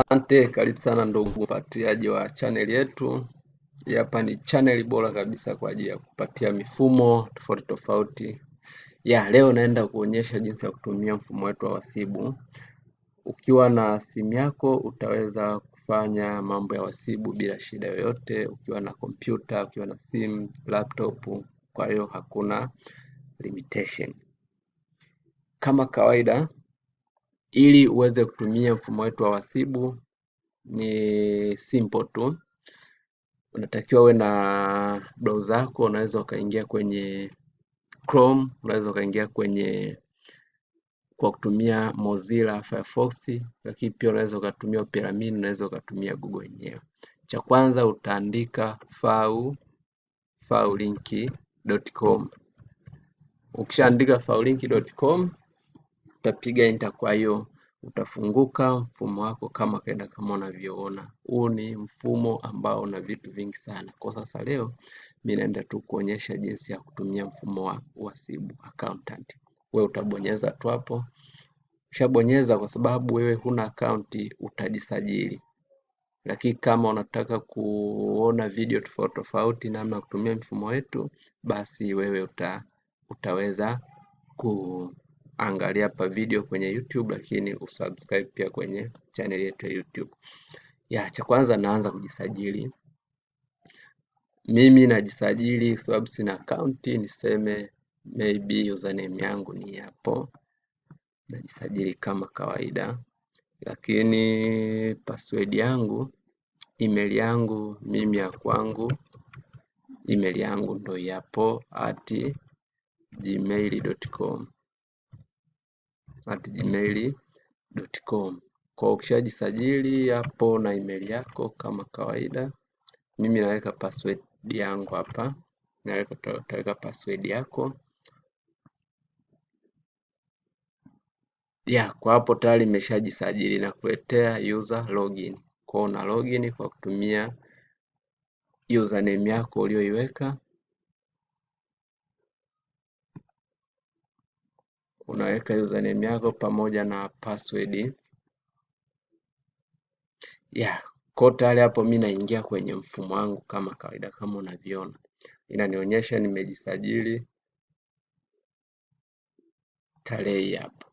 Asante, karibu sana ndugu mpatiaji wa chaneli yetu. Hapa ni chaneli bora kabisa kwa ajili ya kupatia mifumo tofauti tofauti. Ya leo naenda kuonyesha jinsi ya kutumia mfumo wetu wa wasibu. Ukiwa na simu yako utaweza kufanya mambo ya wasibu bila shida yoyote, ukiwa na kompyuta, ukiwa na simu, laptop. Kwa hiyo hakuna limitation. Kama kawaida ili uweze kutumia mfumo wetu wa wasibu ni simple tu, unatakiwa uwe na browser yako. Unaweza ukaingia kwenye Chrome, unaweza ukaingia kwenye kwa kutumia Mozilla Firefox, lakini pia unaweza ukatumia Opera Mini, unaweza ukatumia Google yenyewe. Cha kwanza utaandika fau faulink.com. Ukishaandika faulink.com utapiga enter, kwa hiyo utafunguka mfumo wako kama kaida, kama unavyoona. Huu ni mfumo ambao una vitu vingi sana. Kwa sasa leo mimi naenda tu kuonyesha jinsi ya kutumia mfumo wa uhasibu accountant. Wewe utabonyeza tu hapo, ushabonyeza. Kwa sababu wewe huna akaunti, utajisajili lakini kama unataka kuona video tofauti tofauti namna ya kutumia mfumo wetu, basi wewe uta, utaweza ku angalia hapa video kwenye YouTube, lakini usubscribe pia kwenye channel yetu ya YouTube. Ya cha kwanza naanza kujisajili mimi najisajili sababu sina akaunti, niseme maybe username yangu ni hapo, najisajili kama kawaida, lakini password yangu, email yangu mimi ya kwangu, email yangu ndo yapo at gmail.com at gmail.com. Kwa ukishajisajili hapo na email yako kama kawaida, mimi naweka password yangu hapa, naweka utaweka password yako ya kwa hapo tayari imeshajisajili na kuletea user login. Kwa una login kwa kutumia username yako uliyoiweka. unaweka username yako pamoja na password. Yeah, kwa tayari hapo mi naingia kwenye mfumo wangu kama kawaida, kama unavyoona inanionyesha nimejisajili tarehe hapo.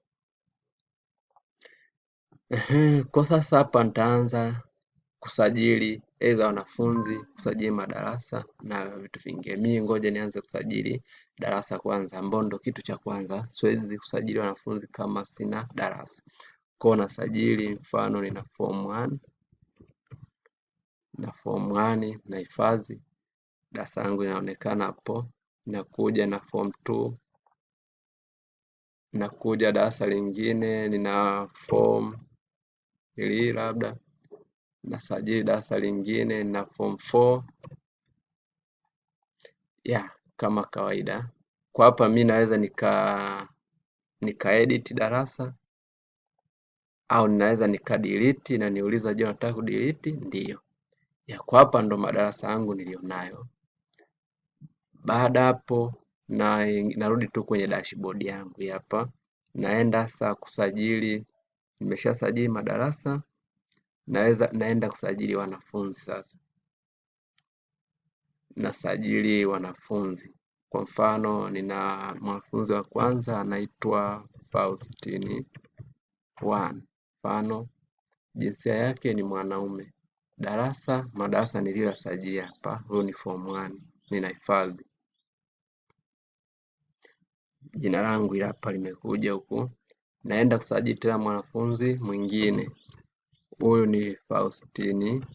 Kwa sasa hapa nitaanza kusajili aidha wanafunzi, kusajili madarasa na vitu vingine. Mimi ngoja nianze kusajili darasa kwanza, ambao ndo kitu cha kwanza. Siwezi kusajili wanafunzi kama sina darasa kwao, nasajili mfano nina form 1 na form 1 nahifadhi darasa langu linaonekana hapo, nakuja na form 2 nakuja darasa lingine nina form 3 labda nasajili darasa lingine na form 4 ya kama kawaida. Kwa hapa mi naweza nika nika edit darasa au ninaweza nika delete, na niuliza je, nataka ku delete? Ndiyo ya kwa hapa ndo madarasa yangu nilionayo. Baada hapo na narudi tu kwenye dashboard yangu hapa, naenda saa kusajili. Nimeshasajili madarasa naweza naenda kusajili wanafunzi sasa nasajili wanafunzi kwa mfano nina mwanafunzi wa kwanza anaitwa Faustini One. Mfano jinsia yake ni mwanaume. Darasa, madarasa niliyoyasajili hapa, huyu ni form 1 ninahifadhi. Jina langu hili hapa limekuja huku, naenda kusajili tena mwanafunzi mwingine. Huyu ni Faustini,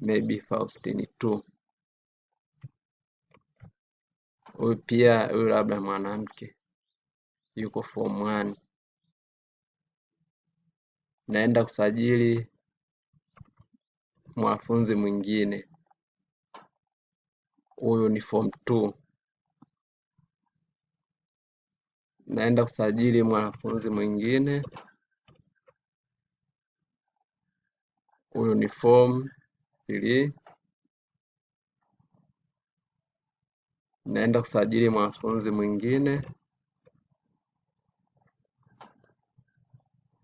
maybe Faustini tu. Huyu pia, huyu labda mwanamke yuko form one, naenda kusajili mwanafunzi mwingine. Huyu ni form two, naenda kusajili mwanafunzi mwingine. Huyu ni form ili naenda kusajili mwanafunzi mwingine.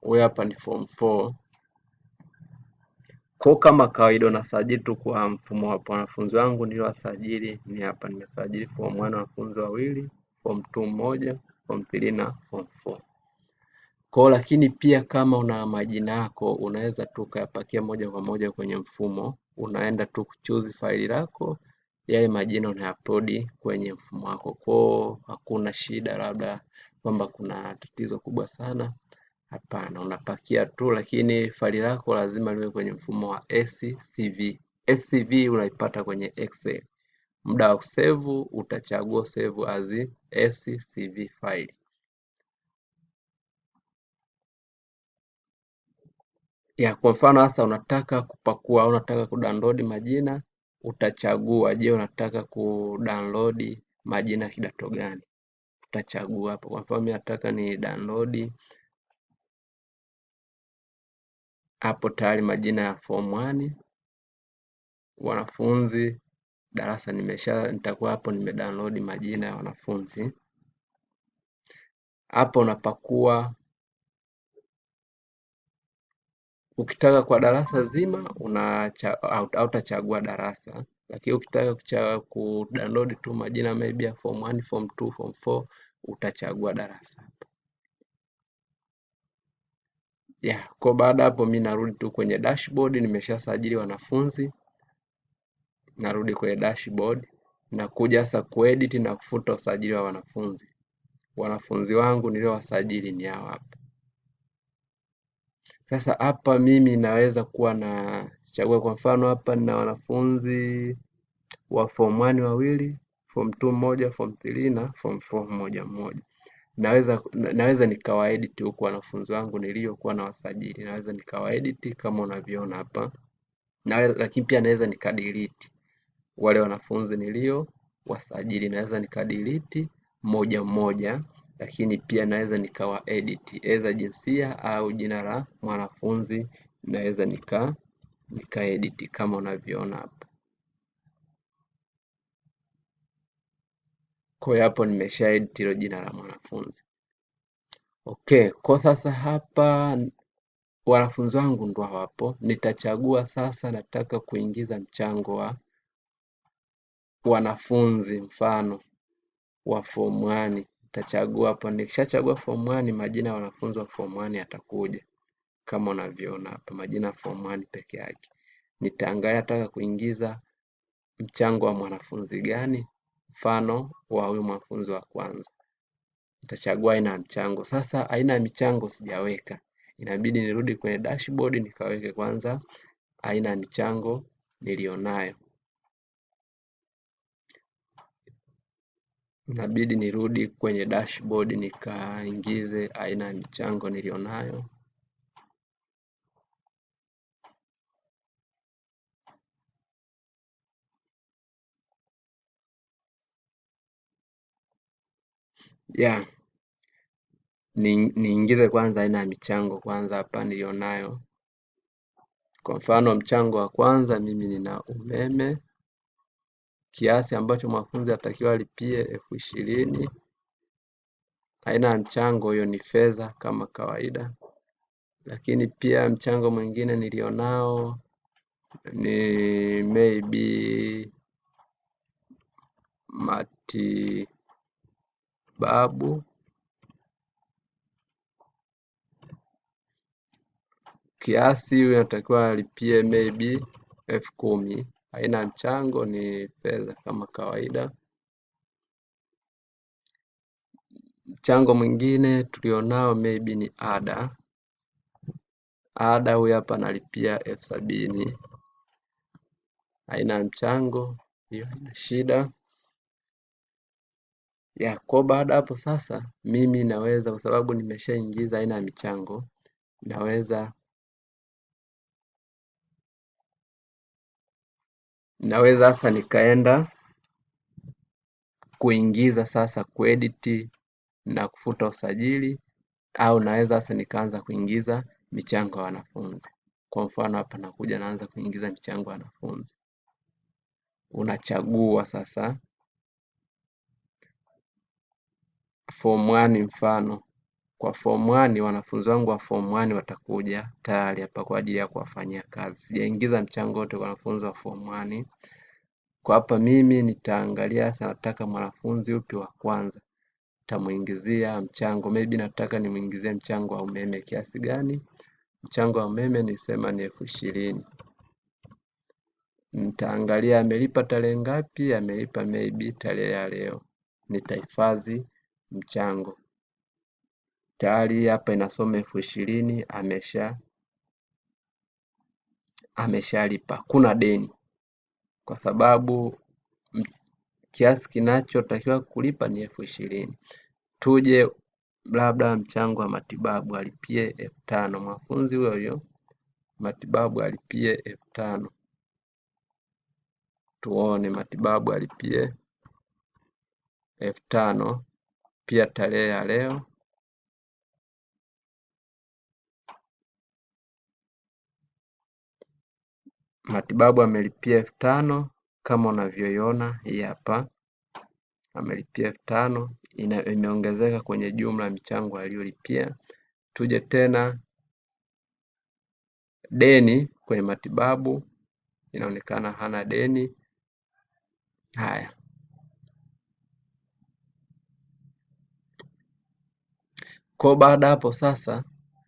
Huyu hapa ni form 4 ko kama kawaida unasajili tu kwa mfumo wapo. Wanafunzi wangu niliowasajili ni hapa, nimesajili form 1 wanafunzi wawili, form 2 mmoja, form 3 na form kwa lakini pia kama una majina yako unaweza tu ukayapakia moja kwa moja kwenye mfumo, unaenda tu kuchuzi faili lako, yale majina unayaplodi kwenye mfumo wako. Kwa hakuna shida, labda kwamba kuna tatizo kubwa sana, hapana. Unapakia tu, lakini faili lako lazima liwe kwenye mfumo wa SCV. SCV unaipata kwenye Excel. Muda wa kusevu utachagua save as SCV file. ya kwa mfano hasa unataka kupakua au unataka kudownload majina utachagua je unataka kudownload majina kidato gani utachagua hapo kwa mfano mimi nataka ni download hapo tayari majina ya form 1 wanafunzi darasa nimesha nitakuwa hapo nimedownload majina ya wanafunzi hapo unapakua Ukitaka kwa darasa zima hautachagua darasa, lakini ukitaka ku download tu majina maybe ya form 1, form 2, form 4 utachagua darasa hapo. Yeah, kwa baada hapo mi narudi tu kwenye dashboard, nimeshasajili wanafunzi. Narudi kwenye dashboard, na kuja sasa kuedit na kufuta usajili wa wanafunzi. Wanafunzi wangu niliowasajili ni hawa hapa. Sasa hapa mimi naweza kuwa na chagua, kwa mfano hapa nina wanafunzi wa form 1 wawili, form 2 mmoja, form 3 na form 4 mmoja mmoja. Naweza, naweza nikawaedit huku wanafunzi wangu niliyokuwa na wasajili, naweza nikawaedit kama unavyoona hapa na, lakini pia naweza nikadelete wale wanafunzi nilio wasajili, naweza nikadelete moja mmoja lakini pia naweza nikawa edit aidha jinsia au jina la mwanafunzi naweza nika edit kama unavyoona hapa Kwa hiyo hapo nimesha edit hilo jina la mwanafunzi. Okay, kwa sasa hapa wanafunzi wangu ndo hapo, Nitachagua sasa, nataka kuingiza mchango wa wanafunzi, mfano wa fomu nitachagua hapo. Nikishachagua form 1 majina ya wanafunzi wa form 1 yatakuja kama unavyoona hapa, majina form 1 peke yake. Nitaangalia nataka kuingiza mchango wa mwanafunzi gani, mfano wa huyu mwanafunzi wa kwanza. Nitachagua aina ya mchango. Sasa aina ya michango sijaweka, inabidi nirudi kwenye dashboard nikaweke kwanza aina ya michango nilionayo. inabidi nirudi kwenye dashboard nikaingize aina ya michango nilionayo ya niingize kwanza aina ya michango kwanza hapa nilionayo. Kwa mfano mchango wa kwanza mimi nina umeme kiasi ambacho mwanafunzi atakiwa alipie elfu ishirini. Aina ya mchango hiyo ni fedha kama kawaida, lakini pia mchango mwingine nilionao ni maybe matibabu kiasi huyo anatakiwa alipie maybe elfu kumi Aina ya mchango ni fedha kama kawaida. Mchango mwingine tulionao maybe ni ada. Ada huyu hapa analipia elfu sabini. Aina ya mchango hiyo haina shida ya ko. Baada hapo sasa, mimi naweza kwa sababu nimeshaingiza aina ya michango, naweza Naweza sasa nikaenda kuingiza sasa kuedit na kufuta usajili au naweza sasa nikaanza kuingiza michango ya wanafunzi. Kwa mfano hapa nakuja naanza kuingiza michango ya wanafunzi. Unachagua sasa form 1 mfano kwa form 1 wanafunzi wangu wa form 1 watakuja tayari hapa kwa ajili ya kuwafanyia kazi. Sijaingiza mchango wote kwa wanafunzi wa form 1. Kwa hapa mimi nitaangalia sasa, nataka mwanafunzi upi wa kwanza tamuingizia mchango, maybe nataka nimuingizie mchango wa umeme kiasi gani. Mchango wa umeme nisema ni elfu ishirini. Nitaangalia amelipa tarehe ngapi, amelipa maybe tarehe ya leo, nitahifadhi mchango tayari hapa inasoma elfu ishirini amesha ameshalipa, kuna deni kwa sababu kiasi kinachotakiwa kulipa ni elfu ishirini. Tuje labda mchango wa matibabu alipie elfu tano mwanafunzi huyo huyo matibabu alipie elfu tano tuone matibabu alipie elfu tano pia tarehe ya leo matibabu amelipia elfu tano kama unavyoiona hii hapa, amelipia elfu tano imeongezeka kwenye jumla ya michango aliyolipia. Tuje tena deni kwenye matibabu, inaonekana hana deni. Haya, kwa baada hapo sasa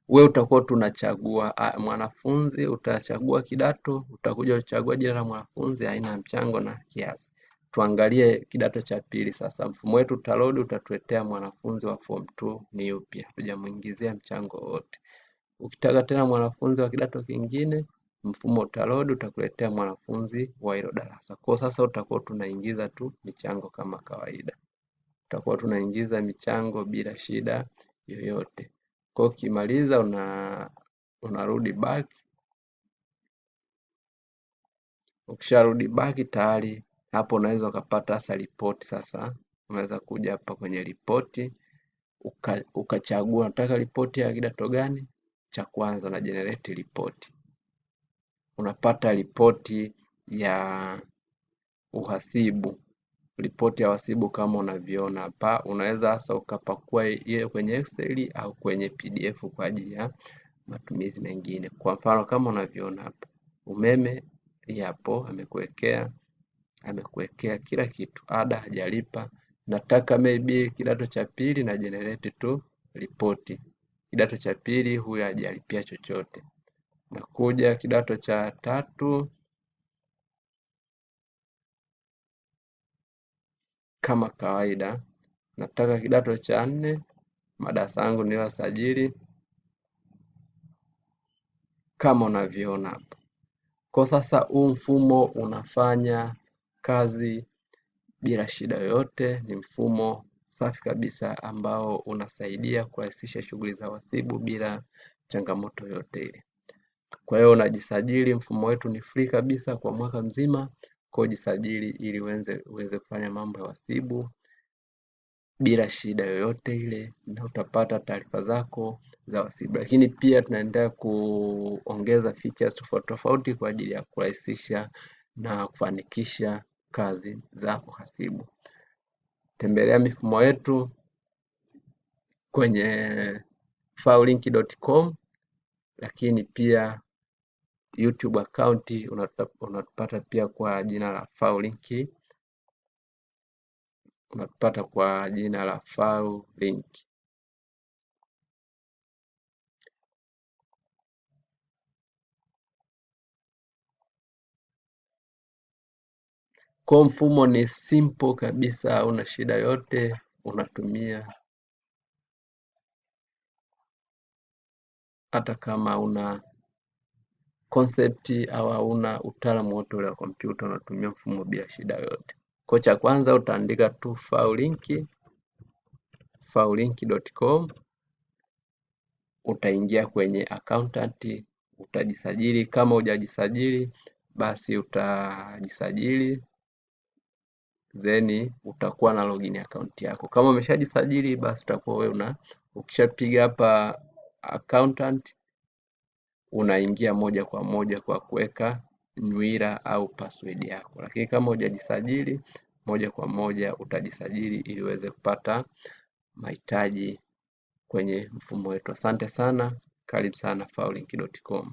we utakuwa tunachagua mwanafunzi, utachagua kidato, utakuja kuchagua jina la mwanafunzi, aina ya mchango na kiasi. Tuangalie kidato cha pili sasa. Mfumo wetu utaload, utatuletea mwanafunzi wa form 2 ni upya, hatujamuingizia mchango wote. Ukitaka tena mwanafunzi wa kidato kingine, mfumo utaload, utakuletea mwanafunzi wa hilo darasa. Kwa sasa utakuwa tunaingiza tu michango kama kawaida, utakuwa tunaingiza michango bila shida yoyote. Kwa ukimaliza una unarudi back. Ukisharudi back tayari hapo unaweza ukapata sasa ripoti. Sasa unaweza kuja hapa kwenye ripoti uka, ukachagua unataka ripoti ya kidato gani cha kwanza, una generate ripoti, unapata ripoti ya uhasibu ripoti ya wasibu kama unavyoona hapa. Unaweza hasa ukapakua hiyo kwenye Excel au kwenye PDF kwa ajili ya matumizi mengine. Kwa mfano kama unavyoona hapa, umeme yapo, amekuwekea amekuwekea kila kitu, ada hajalipa. Nataka maybe kidato cha pili na generate tu ripoti. Kidato cha pili huyu hajalipia chochote. Nakuja kidato cha tatu kama kawaida. Nataka kidato cha nne, madarasa yangu niliyosajili kama unavyoona hapo. Kwa sasa huu mfumo unafanya kazi bila shida yoyote. Ni mfumo safi kabisa ambao unasaidia kurahisisha shughuli za wasibu bila changamoto yoyote ile. Kwa hiyo unajisajili, mfumo wetu ni free kabisa kwa mwaka mzima kwa jisajili ili uweze kufanya mambo ya uhasibu bila shida yoyote ile, na utapata taarifa zako za uhasibu. Lakini pia tunaendelea kuongeza features tofauti tofauti kwa ajili ya kurahisisha na kufanikisha kazi za uhasibu. Tembelea mifumo yetu kwenye faulink.com, lakini pia YouTube account unatupata pia kwa jina la Faulink, unatupata kwa jina la Faulink. Kwa mfumo ni simple kabisa, una shida yote, unatumia hata kama una konsepti au hauna utaalamu wote ule wa kompyuta, unatumia mfumo bila shida yoyote. Kwa cha kwanza utaandika tu faulink faulink.com, utaingia kwenye accountant, utajisajili. Kama hujajisajili basi utajisajili, then utakuwa na login account yako. Kama umeshajisajili basi utakuwa wewe una ukishapiga hapa accountant unaingia moja kwa moja kwa kuweka nywira au password yako, lakini kama hujajisajili moja kwa moja utajisajili ili uweze kupata mahitaji kwenye mfumo wetu. Asante sana, karibu sana faulink.com.